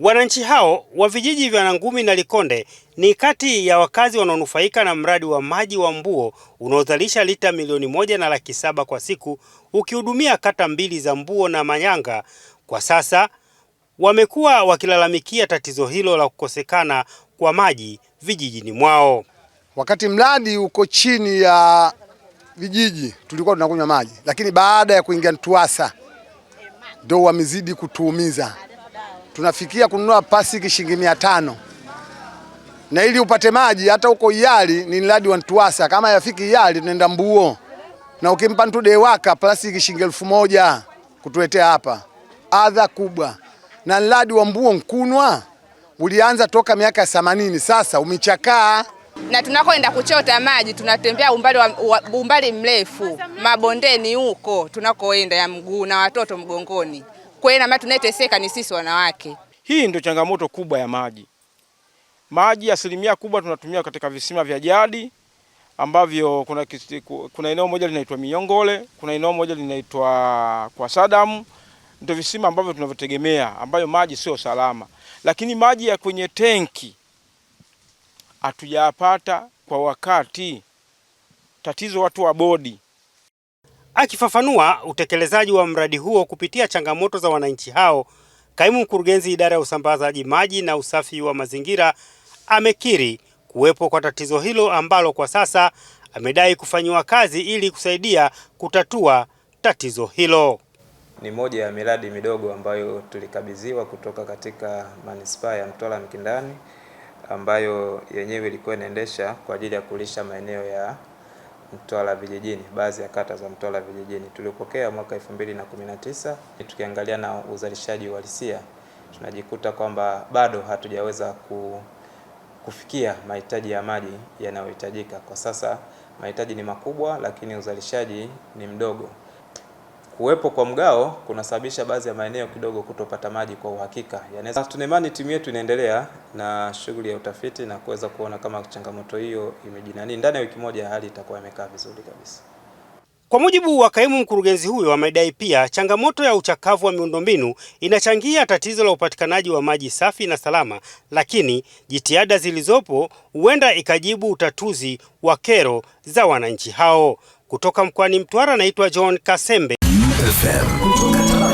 Wananchi hao wa vijiji vya Nangumi na Likonde ni kati ya wakazi wanaonufaika na mradi wa maji wa Mbuo unaozalisha lita milioni moja na laki saba kwa siku ukihudumia kata mbili za Mbuo na Manyanga. Kwa sasa wamekuwa wakilalamikia tatizo hilo la kukosekana kwa maji vijijini mwao. Wakati mradi uko chini ya vijiji tulikuwa tunakunywa maji, lakini baada ya kuingia Mtuwasa ndio wamezidi kutuumiza tunafikia kununua pasiki shilingi mia tano na ili upate maji hata huko Iyali ni mradi wa Ntuwasa, kama yafiki Iyali tunaenda Mbuo, na ukimpa mtu dewaka plastiki shilingi elfu moja kutuletea hapa, adha kubwa. Na mradi wa Mbuo Nkunwa ulianza toka miaka ya themanini, sasa umechakaa. Na tunakoenda kuchota maji tunatembea umbali, wa, umbali mrefu mabondeni huko tunakoenda ya mguu na watoto mgongoni kweli, na tunayeteseka ni sisi wanawake. Hii ndio changamoto kubwa ya maji. Maji asilimia kubwa tunatumia katika visima vya jadi ambavyo kuna, kuna eneo moja linaitwa Miongole, kuna eneo moja linaitwa kwa Sadamu, ndio visima ambavyo tunavyotegemea ambayo maji sio salama, lakini maji ya kwenye tenki hatujayapata kwa wakati. Tatizo watu wa bodi Akifafanua utekelezaji wa mradi huo kupitia changamoto za wananchi hao, kaimu mkurugenzi idara ya usambazaji maji na usafi wa mazingira amekiri kuwepo kwa tatizo hilo ambalo kwa sasa amedai kufanyiwa kazi ili kusaidia kutatua tatizo hilo. Ni moja ya miradi midogo ambayo tulikabidhiwa kutoka katika manispaa ya Mtwara Mkindani ambayo yenyewe ilikuwa inaendesha kwa ajili ya kulisha maeneo ya Mtwara vijijini, baadhi ya kata za Mtwara vijijini tulipokea mwaka 2019. Tukiangalia na uzalishaji uhalisia, tunajikuta kwamba bado hatujaweza ku, kufikia mahitaji ya maji yanayohitajika kwa sasa. Mahitaji ni makubwa, lakini uzalishaji ni mdogo kuwepo kwa mgao kunasababisha baadhi ya maeneo kidogo kutopata maji kwa uhakika. Yanaweza tunaimani timu yetu inaendelea na shughuli ya utafiti na kuweza kuona kama changamoto hiyo imejinani, ndani ya wiki moja hali itakuwa imekaa vizuri kabisa. Kwa mujibu wa kaimu mkurugenzi huyo, amedai pia changamoto ya uchakavu wa miundombinu inachangia tatizo la upatikanaji wa maji safi na salama, lakini jitihada zilizopo huenda ikajibu utatuzi wa kero za wananchi hao. Kutoka mkoani Mtwara, naitwa John Kasembe. FM.